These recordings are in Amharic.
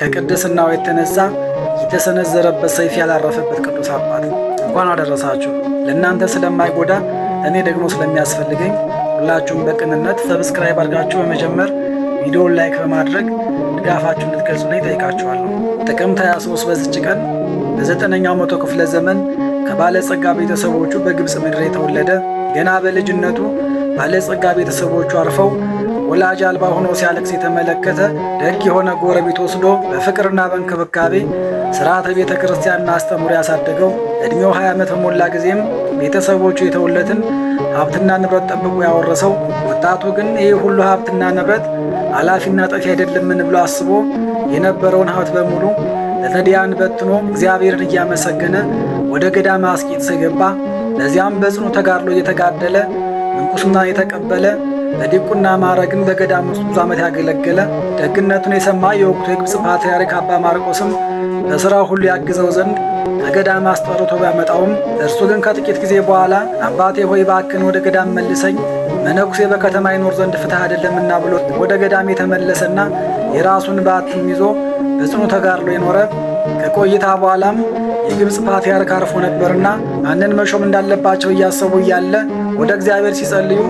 ከቅድስናው የተነሳ የተሰነዘረበት ሰይፍ ያላረፈበት ቅዱስ አባት እንኳን አደረሳችሁ። ለእናንተ ስለማይጎዳ እኔ ደግሞ ስለሚያስፈልገኝ ሁላችሁም በቅንነት ሰብስክራይብ አድርጋችሁ በመጀመር ቪዲዮውን ላይክ በማድረግ ድጋፋችሁ እንድትገልጹ ላይ ጠይቃችኋለሁ። ጥቅምት 23 በዝች ቀን በዘጠነኛው መቶ ክፍለ ዘመን ከባለጸጋ ቤተሰቦቹ በግብፅ ምድር የተወለደ ገና በልጅነቱ ባለጸጋ ቤተሰቦቹ አርፈው ወላጅ አልባ ሆኖ ሲያለቅስ የተመለከተ ደግ የሆነ ጎረቤት ወስዶ በፍቅርና በእንክብካቤ ስርዓተ ቤተ ክርስቲያንና አስተምሮ ያሳደገው ዕድሜው 20 ዓመት በሞላ ጊዜም ቤተሰቦቹ የተውለትን ሀብትና ንብረት ጠብቆ ያወረሰው ወጣቱ ግን ይህ ሁሉ ሀብትና ንብረት አላፊና ጠፊ አይደለምን ብሎ አስቦ የነበረውን ሀብት በሙሉ ለነዳያን በትኖ እግዚአብሔርን እያመሰገነ ወደ ገዳመ አስቄጥስ የገባ ለዚያም በጽኑ ተጋድሎ እየተጋደለ ምንኩስና የተቀበለ በዲቁና ማረግን በገዳም ውስጥ ብዙ ዓመት ያገለገለ ደግነቱን የሰማ የወቅቱ የግብፅ ፓትርያርክ አባ ማርቆስም በሥራው ሁሉ ያግዘው ዘንድ ከገዳም አስጠርቶ ቢያመጣውም እርሱ ግን ከጥቂት ጊዜ በኋላ አባቴ ሆይ እባክህን ወደ ገዳም መልሰኝ፣ መነኩሴ በከተማ ይኖር ዘንድ ፍትሕ አይደለምና ብሎ ወደ ገዳም የተመለሰና የራሱን ባትም ይዞ በጽኑ ተጋድሎ የኖረ ከቆይታ በኋላም የግብፅ ፓትርያርክ አርፎ ነበርና ማንን መሾም እንዳለባቸው እያሰቡ እያለ ወደ እግዚአብሔር ሲጸልዩ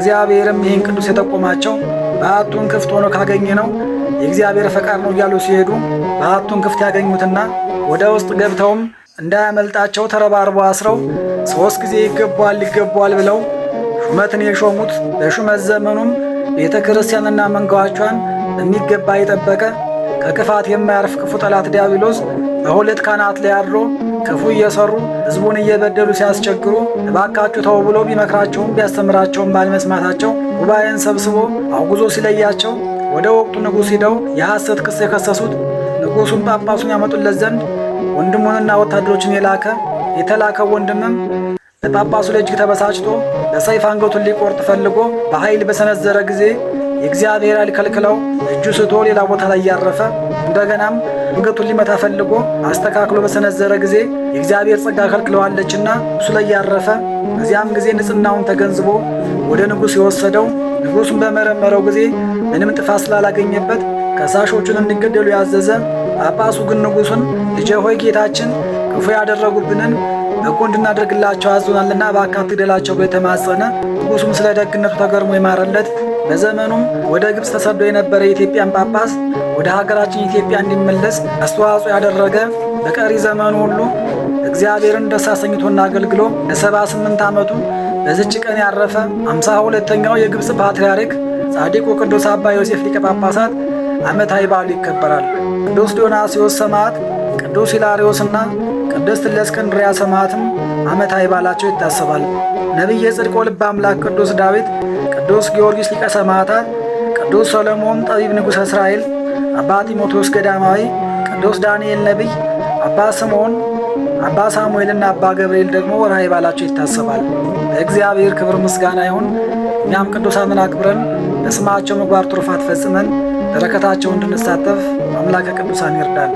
እግዚአብሔርም ይህን ቅዱስ የጠቆማቸው በአቱን ክፍት ሆኖ ካገኘ ነው የእግዚአብሔር ፈቃድ ነው እያሉ ሲሄዱ በአቱን ክፍት ያገኙትና ወደ ውስጥ ገብተውም እንዳያመልጣቸው ተረባርበው አስረው ሦስት ጊዜ ይገባዋል ይገባዋል ብለው ሹመትን የሾሙት በሹመት ዘመኑም ቤተ ክርስቲያንና መንጋዎቿን በሚገባ የጠበቀ ከክፋት የማያርፍ ክፉ ጠላት ዲያብሎስ በሁለት ካህናት ላይ አድሮ ክፉ እየሰሩ ሕዝቡን እየበደሉ ሲያስቸግሩ እባካችሁ ተው ብሎ ቢመክራቸውም ቢያስተምራቸውም ባለመስማታቸው ጉባኤን ሰብስቦ አውግዞ ሲለያቸው ወደ ወቅቱ ንጉሥ ሂደው የሐሰት ክስ የከሰሱት ንጉሡን ጳጳሱን ያመጡለት ዘንድ ወንድሙንና ወታደሮችን የላከ የተላከው ወንድምም ለጳጳሱ ለእጅግ ተበሳጭቶ በሰይፍ አንገቱን ሊቆርጥ ፈልጎ በኃይል በሰነዘረ ጊዜ የእግዚአብሔር ኃይል ከልክለው እጁ ስቶ ሌላ ቦታ ላይ ያረፈ እንደገናም አንገቱን ሊመታ ፈልጎ አስተካክሎ በሰነዘረ ጊዜ የእግዚአብሔር ጸጋ ከልክለዋለችና እሱ ላይ ያረፈ። በዚያም ጊዜ ንጽሕናውን ተገንዝቦ ወደ ንጉሥ የወሰደው ንጉሡን በመረመረው ጊዜ ምንም ጥፋት ስላላገኘበት ከሳሾቹን እንዲገደሉ ያዘዘ። ጳጳሱ ግን ንጉሡን ልጄ ሆይ ጌታችን ክፉ ያደረጉብንን በጎ እንድናደርግላቸው አዞናልና በአካት አትግደላቸው በተማጸነ ተማጸነ። ስለ ደግነቱ ተገርሞ ይማረለት። በዘመኑም ወደ ግብፅ ተሰዶ የነበረ የኢትዮጵያን ጳጳስ ወደ ሀገራችን ኢትዮጵያ እንዲመለስ አስተዋጽኦ ያደረገ በቀሪ ዘመኑ ሁሉ እግዚአብሔርን ደስ አሰኝቶና አገልግሎ ለሰባ ስምንት ዓመቱ በዝች ቀን ያረፈ አምሳ ሁለተኛው የግብፅ ፓትርያርክ ጻድቁ ቅዱስ አባ ዮሴፍ ሊቀ ጳጳሳት ዓመታዊ በዓሉ ይከበራል። ቅዱስ ዲዮናስዮስ ሰማዕት፣ ቅዱስ ሂላሪዮስና ቅድስት እለእስክንድርያ ሰማዕትም ዓመታዊ በዓላቸው ይታሰባል። ነቢይ የጽድቅ ወልበ አምላክ ቅዱስ ዳዊት፣ ቅዱስ ጊዮርጊስ ሊቀ ሰማዕታት፣ ቅዱስ ሰሎሞን ጠቢብ ንጉሠ እስራኤል፣ አባ ጢሞቴዎስ ገዳማዊ፣ ቅዱስ ዳንኤል ነቢይ፣ አባ ስምዖን፣ አባ ሳሙኤልና አባ ገብርኤል ደግሞ ወርሃዊ በዓላቸው ይታሰባል። ለእግዚአብሔር ክብር ምስጋና ይሁን። እኛም ቅዱሳንን አክብረን ለስማቸው ምግባር ትሩፋት ፈጽመን በረከታቸው እንድንሳተፍ አምላከ ቅዱሳን ይርዳል።